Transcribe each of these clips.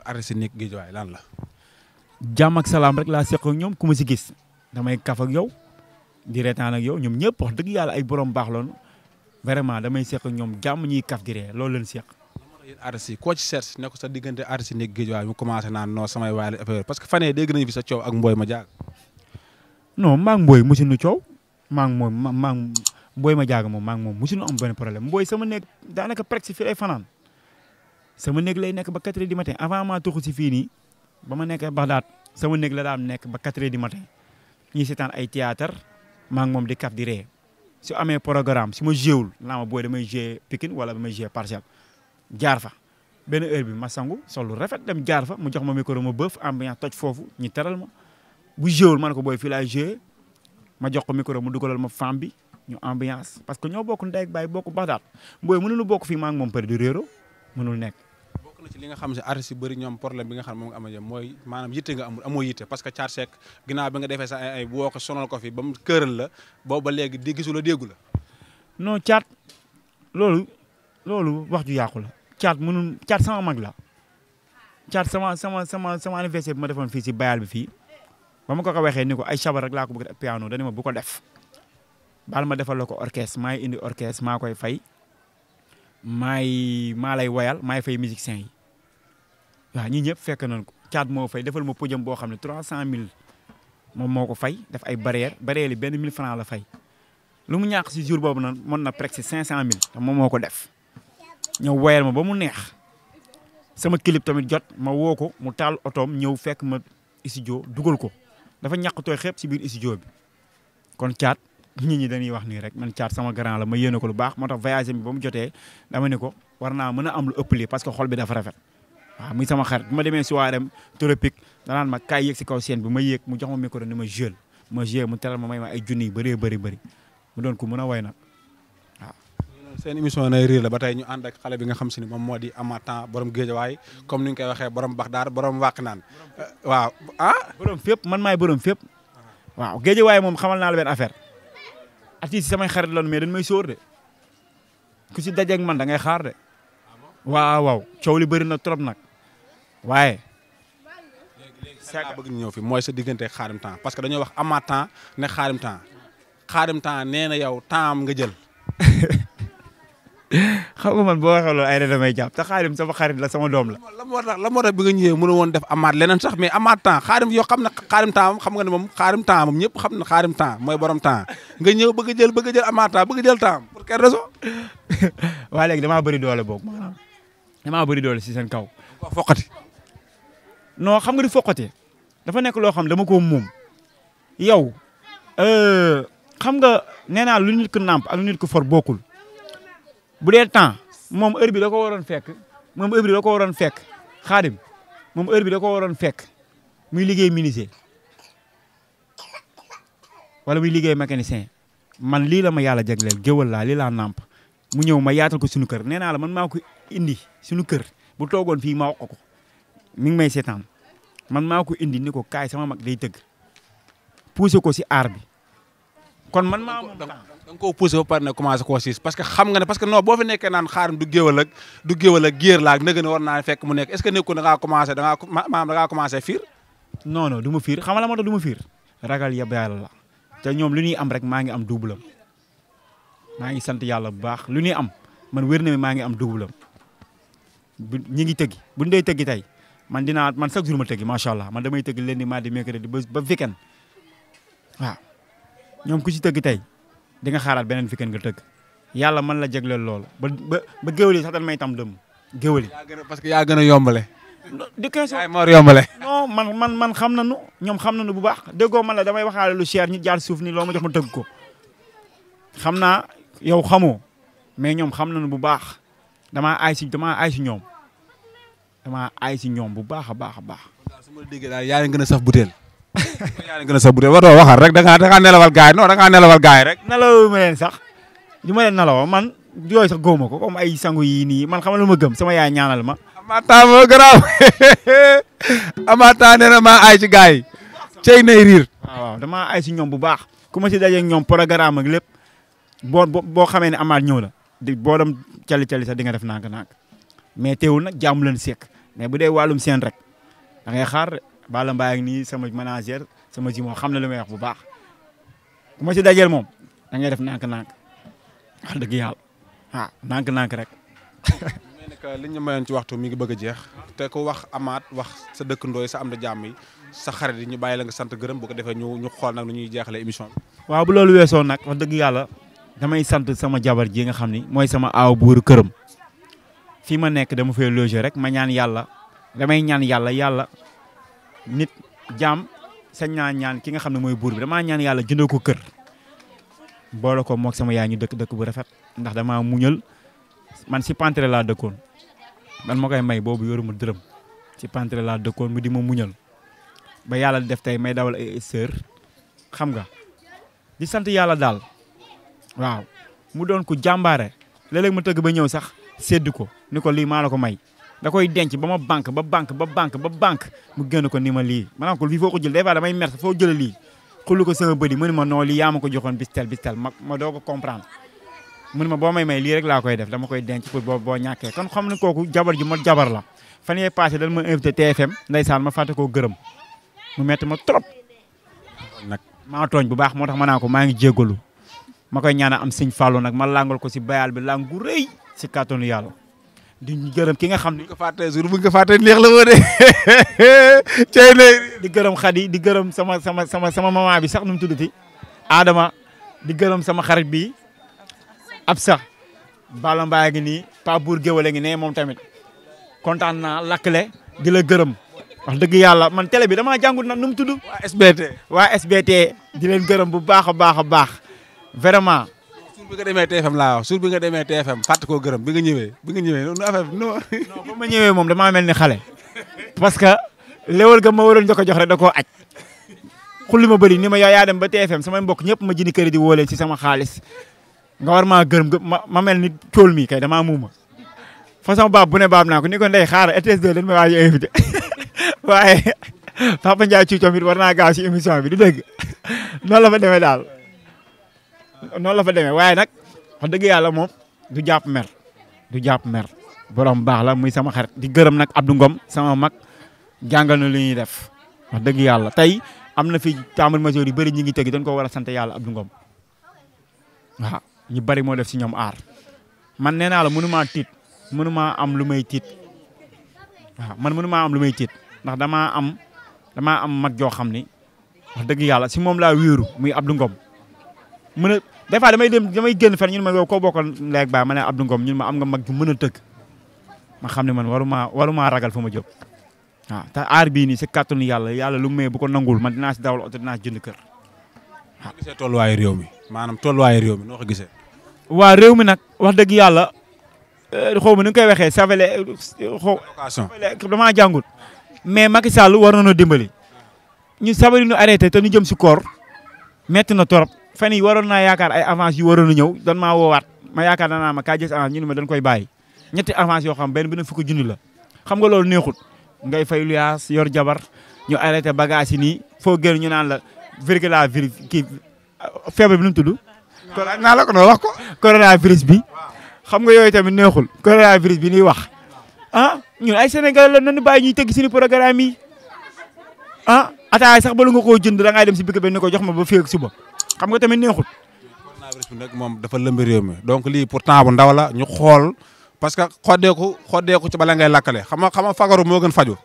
relation artiste nekk Guédiawaye lan la. jàmm ak salaam rek laa seq ñoom ku ma si gis damay kaf ak yow di reetaan ak yow ñoom ñëpp wax dëgg yàlla ay borom baax loonu vraiment damay seq ak ñoom jàmm ñuy kaf di loolu leen seq. yéen artistes yi koo ci seet ne sa diggante artistes yi nekk Guédiawaye mu commencé naan non samay waay la parce que fan yii dégg nañu fi sa coow ak Mboy ma jaag. non maa ngi Mboy mosuñu coow maa ngi ma jaag moom maa ngi moom mosuñu am benn problème Mboy sama nekk daanaka sama néeg lay nekk ba 4 heures du matin avant maa tuxu si fii nii ba ma nekkee Baxdaad sama néeg la daan nekk ba 4 di du matin ñuy seetaan ay théâtre maa ngi moom di kaf di ree su amee programme su ma jéewul na ma booy damay jée Pikine wala ma jée Parcelles jaar fa benn heure bi ma sangu sol lu rafet dem jaar fa mu jox ma micro ma bëf ambiance toj foofu ñu teral ma bu jéewul ma ne ko booy fii laay ma jox ko micro mu dugalal ma femme bi ñu ambiance parce que ñoo bokk ndey ak baay bokk Baxdaad booy mënul bokk fii maa moom pare du réero mënul nekk na ci li nga xam si artistes yi bëri ñoom problème bi nga xam ne moom nga ama ko sonal ko fi ba mu këral la boobu ba léegi di gisu la déggu la non Thiat loolu loolu wax ju yàqu la Thiat mënul Thiat sama mag la Thiat sama sama sama sama anniversaire bi ma defoon fii si bayal bi fii ba ma ko ko waxee ni ko ay sabar rek laa ko bëgg piano dañu ma bu ko def baal ma defal la ko orchestre maay indi orchestre maa koy fay maay maa lay wayal maay fay musicien yi waaw ñi ñëpp fekk nañ ko caat moo fay defal ma podium boo xam ne trois cent mille moom moo ko fay def ay barrière barrière yi benn mille franc la fay lu mu ñàkk si jour boobu nag mën na si cinq cent mille te moom moo ko def ñëw wayal ma ba mu neex sama clip tamit jot ma woo ko mu taal otom ñëw fekk ma studio dugal ko dafa ñàkkutoo xëpp si biir studio bi kon caat nit ñi dañuy wax nii rek man caat sama grand la ma yéene baax moo tax voyage bi ba mu jotee dama ne ko war naa mën a am lu ëpp lii parce que xol bi dafa rafet waaw muy sama ma demee soirée am tropique danaan ma kaay ma yéeg ma micro mu teral ma may ma ay junni yu bëree bëri mu doon ko mën a way nag waaw seen émission nay riir la ñu ànd ak xale bi nga xam si ni moom moo di amatan borom géejawaay comme ni ñu koy waxee borom baxdaar borom wàq naan waaw ah borom fépp man maay borom fépp waaw géejawaay moom xamal naa la benn affaire si samay xarit lan mais dañ may sóor de ku si dajeeg man da ngay xaar de waaw waaw coow li bëri na trop nag waaye. léegi bëgg ñëw fi mooy sa diggante xaarim temps parce que dañoo wax ama temps ne xaarim temps xaarim temps nee na yow temps am nga jël. xam nga man boo waxee loolu ay da damay jàpp te xaadim sama xarit la sama doom la la mu war la mu war a bi nga ñëwee mënu woon def amaat leneen sax mais amaat temps xaadim yoo xam ne xaadim temps moom xam nga ne moom xaadim temps moom ñëpp xam na xaadim temps mooy borom temps nga ñëw bëgg a jël bëgg a jël amaat temps bëgg a jël temps pour quelle raison waaye léegi damaa bëri doole boobu maanaam damaa bëri doole si seen kaw foqati non xam nga di foqati dafa nekk loo xam dama ko moom yow euh, xam nga nee naa lu nit ko nàmp ak lu nit ko for bokkul bu dee temps moom heure bi da ko waroon fekk moom bi da ko waroon fekk xaadim moom heure bi da ko waroon fekk muy liggéey menuisier walla muy liggéey mécanicien man lii la ma yàlla jagleel géwal laa li laa nàmp mu ñëw ma yaatal ko suñu kër nee naa la man maa ko indi suñu kër bu toogoon fii ma wax ko mi ngi may seetaan man maa ko indi ni ko kaay sama mag day tëgg poussé ko si aar bi kon man maa moom temps da nga koo poussé ba pare ne commencé koo siis parce que xam nga ne parce que non boo fi nekkee naan xaaral du géwal ak du géwal ak géer laag nag ne war naa fekk mu nekk est ce que nekkul da ngaa commencé da ngaa maanaam da fiir non non du ma fiir xam nga la moo tax du ma fiir ragal yab yàlla la te ñoom lu ñuy am rek maa ngi am double am maa ngi sant yàlla bu baax lu ñuy am man wér na mi maa ngi am double am bu ñi ngi tëggi buñ dee tëggi tey man dinaa man chaque jour ma tëggi macha allah man damay tëgg lundi mardi mercredi ba ba weekend ñoom ku ci tëgg tey di nga xaaraat beneen fi kenn nga tëgg yàlla mën la jégleel lool ba ba ba géwél yi sax dañ may tam dëmm géwél yi. parce que yaa gën a yombale. di question ay moor yombale. non man man man xam nañu ñoom xam nañu bu baax déggoo man la damay waxaale lu cher ñu jaar suuf ni loo ma jox ma naa yow xamoo mais ñoom xam nañu bu baax damaa aay si damaa aay si ñoom damaa aay si ñoom bu baax a baax a baax. su ma la déggee yaa ngi gën a saf butéel. yaa ngi gën a sax bu dee waroo waxal rek da ngaa da ngaa nelawal gars yi non nelawal gars rek. nelawu ma sax li ma leen man yooyu sax góoma ko comme ay sangu yii nii man xam lu ma gëm sama yaay ñaanal ma. Amata moo garaaw Amata nee na maa aay ci gars cey nay riir. waaw damaa aay si ñoom bu baax. ku ma si dajeeg ñoom programme ak lépp boo boo xamee ne amaat ñëw la di boo dem cali cali sax di nga def nànk mais teewul na jaamu lan sekk mais bu dee wàllum seen rek da ngay xaar. Balla Mbaye ak nii sama manager sama ji moom xam na li wax bu baax ku ma si dajeel moom da def nànk-nànk wax dëgg yàlla ah nànk-nànk rek. mais nag li ñu mayoon ci waxtu mi ngi bëgg a jeex te ko wax amaat wax sa dëkkandoo yi sa am na jàmm yi sa xarit yi ñu bàyyi la nga sant gërëm bu ko defee ñu ñu xool nag nu ñuy jeexale émission bi. waaw bu loolu weesoo nag wax dëgg yàlla damay sant sama jabar ji nga xam ni mooy sama aaw buur këram fii ma nekk dama fay loger rek ma ñaan yàlla damay ñaan yàlla yàlla. nit jaam sañ naa ñaan ki nga xam ne mooy buur bi damaa ñaan yàlla jëndoo ko kër boole ko moog sama yaay ñu dëkk dëkk bu rafet ndax damaa muñal man si pantre laa dëkkoon man ma koy may boobu yoruma dërëm si pantre laa dëkkoon mu di ma muñal ba yàlla def tey may dawal ay xam nga di sant yàlla daal waaw mu doon ku jàmbaare léeg ma tëgg ba ñëw sax sédd ko ni ko lii maa la ko may da koy denc ba ma banque ba banque ba banque ba banque mu génn ko ni ma lii maanaam ko lii foo ko jël des fois damay mer foo jëlee lii xullu ko sama bëri mu ne ma noo lii yaa ma ko joxoon bistel bistel ma ma doo ko comprendre mu ne ma boo may may lii rek laa koy def dama koy denc pour boo boo ñàkkee kon xam na kooku jabar ju ma jabar la fan yee passé dañ ma invité TFM ndeysaan ma fàtte koo gërëm mu metti ma trop nag maa tooñ bu baax moo tax ma naa ko maa ngi jégalu ma koy ñaana am sëñ Fallou nag ma langal ko si bayal bi langu rëy si kàttanu yàlla di gërëm ki nga xam ne. bu ko fàttee bu nga fàttee neex la woo de. di gërëm xadi di gërëm sama sama sama sama maman bi sax nu mu tuddati. Adama di gërëm sama xarit bi ab sax. Balla Mbaye ngi nii Pa Bour ngi ne moom tamit kontaan naa lakkle di la gërëm. wax dëgg yàlla man télé bi damaa jàngut na nu mu tudd. waa SBT waa di leen gërëm bu baax a baax a baax vraiment bi nga demee TFM laa wax suur bi nga demee TFM fàtt koo gërëm bi nga ñëwee bi nga ñëwee noonu affaire bi non. moom damaa mel ni xale. parce que léwal ga ma waroon njëkk a jox rek da koo aj xulli ma bëri ni ma yaa dem ba TFM sama mbokk ñëpp ma jini këri di woo si sama xaalis nga war maa gërëm ma ma mel ni cóol mi kay damaa muuma. façon baab bu ne baab naa ko ni ko ndey xaar RTS2 dañ ma a invité waaye Papa Ndiaye ci coom war naa gaaw si émission bi du dégg noonu fa demee daal. noonu la fa demee waaye nag wax dëgg yàlla moom du jàpp mer du jàpp mer borom baax la muy sama xarit di gërëm nag Abdou Ngom sama mag jàngal na li ñuy def wax dëgg yàlla tey am na fi tamar major yu bëri ñu ngi tegi dañ ko war sant yàlla Abdou Ngom ñu moo def si ñoom aar man nee naa la mënu maa tiit mënu maa am lu may tiit waaw man mënu maa am lu may tiit ndax damaa am damaa am mag joo xam ni wax dëgg yàlla si moom laa wéeru muy Abdou Ngom des fois damay dem damay génn fen ñun ma yow koo bokkal léeg baa ma ne ñun ma am mag bu mën a tëgg ma xam ne man waruma waruma ragal fa ma jëm waaw te aar bii nii si kàttanu yàlla yàlla lu may bu ko nangul man dinaa si dawal oto dinaa si jënd kër waaw réew mi maanaam tolluwaayu réew mi noo ko gisee waaw réew mi nag wax dëgg yàlla eh, xaw ma ni nga koy waxee savele xaw damaa jàngul mais Macky Sall war nañoo dimbali ñu sabari ñu arrêté te ñu jëm si koor metti na torop fan yi waroon naa yaakaar ay avance yu waroon a ñëw doon maa woowaat ma yaakaar danaa ma kaa jës avance ñu ne ma dañ koy bàyyi ñetti avance yoo xam benn bi na fukki junni la xam nga loolu neexut ngay fay luyaas yor jabar ñu arrêté bagage yi nii foo génn ñu naan la virgule la vir kii feebar bi nu mu tudd. naa la ko noo wax ko. coronavirus bi xam nga yooyu tamit neexul coronavirus bi ñuy wax ah ay senegal la nañu baay ñuy tëgg suñu programme yi ah ataaya sax ba lu nga koo jënd da ngay dem si bëgg ba ne ko jox ma ba fii ak suba. xam nga tamit neexut. coronavirus moom dafa lëmbi réew mi donc lii pourtant bu ndaw la ñu xool parce que xoddeeku xoddeeku ci bala ngay lakkale xam nga xam nga fagaru moo gën fajo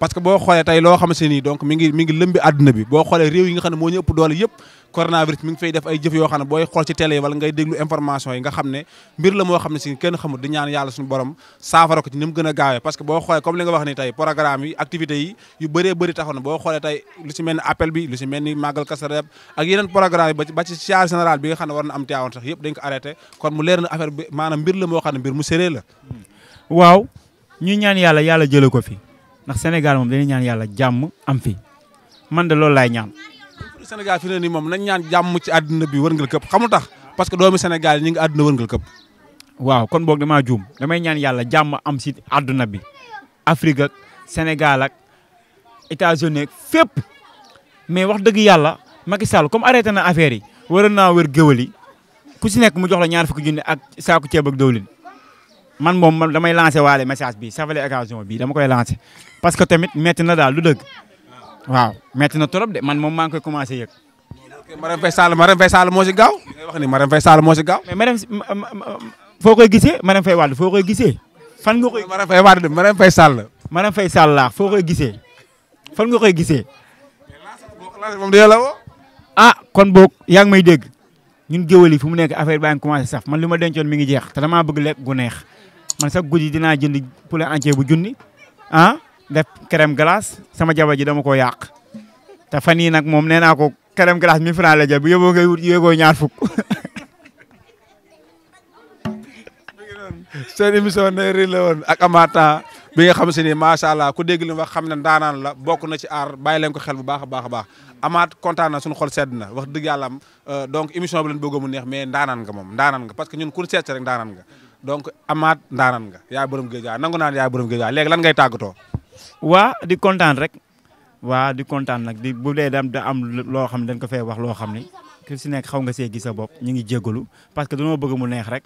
parce que boo xoolee tey loo xam si nii donc mi ngi mi ngi lëmbi àdduna bi boo xoolee réew yi nga xam ne moo ñëpp doole yëpp coronavirus mi ngi fay def ay jëf yoo xam ne booy xool ci télé wala ngay déglu information yi nga xam ne mbir la moo xam ne si kenn xamul di ñaan yàlla suñu ko a gaawee parce que boo xoolee comme li nga wax ni tey programme yi activités ni appel bi lu si mel ni màggal kasareb ak yeneen programme yi ba ci charge général bi nga ko arrêté kon mu leer na affaire bi maanaam mbir la fi ndax Sénégal moom dañuy ñaan yàlla jàmm am fi man de loolu laay ñaan doomi Sénégal fi ne nii moom nañ ñaan jàmm ci àdduna bi wërngal këpp xamul tax parce que doomi Sénégal ñi ngi àdduna wërngal këpp waaw kon boog damaa juum damay ñaan yàlla jàmm am si àdduna bi Afrique ak Sénégal ak États-Unis ak fépp mais wax dëgg yàlla Macky Sall comme arrêté na affaire yi waroon naa wër géwël yi ku si nekk mu jox la ñaar fukki junne ak saaku ceeb ak diwlin man moom damay lancé waale message bi ça valait occasion bi dama koy lancé parce que tamit metti na waaw metti na trop de man moom maa ngi koy commencé yëg. Marème Faye Sall Marème moo si gaaw li ngay wax ni Marème moo si gaaw. mais Marème foo koy gisee Marème Faye Wade foo koy gisee. fan koy Marème Faye Wade Marème Faye Sall. Marème Faye Sall laax foo koy gisee fan nga koy gisee. moom de la ah kon boog yaa ngi may dégg ñun géwél yi fu mu nekk affaire baa ngi commencé saf man li ma dencoon mi ngi jeex te damaa bëgg lekk gu neex man sax guddi dinaa jënd poulet entier bu junni ah. def crème glace sama jabar ji dama ko yàq te fan yii nag moom nee naa ko crème galaas mi franc la jël bu yóbboo ñaar fukk. seen émission Ndeye la woon ak Amata bi nga xam si ne macha allah ku dégg li wax xam ne ndaanaan la bokk na ci aar bàyyi leen ko xel bu baax a baax a baax amaat kontaan na suñu xol sedd na wax dëgg yàlla euh, donc émission bi leen bëgg mu neex mais ndaanaan nga moom ndaanaan nga parce que ñun ku ñu seet rek ndaanaan nga donc amaat ndaanaan nga yaay borom léegi lan ngay tàggatoo. waa di kontaan rek waa di kontaan nag di bu dee dam da am loo xam ne dañ ko fay wax loo xam ni ku si nekk xaw nga see gis sa bopp ñu ngi jégalu parce que dañoo bëgg mu neex rek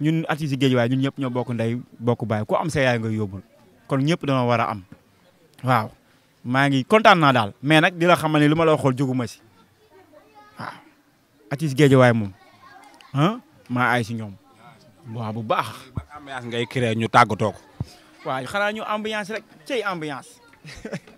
ñun artiste yi Guédiawaye ñun ñëpp ñoo bokk ndey bokk baay am sa yaay nga yóbbul kon ñëpp dañoo war a am waaw maa ngi kontaan naa daal mais nag di la ne lu ma la waxoon jóguma si waaw artiste Guédiawaye moom ah maa aay si ñoom waaw bu baax. ambiance ngay créé ñu tàggatoo ko waaw xanaa ñu ambiance rek cey ambiance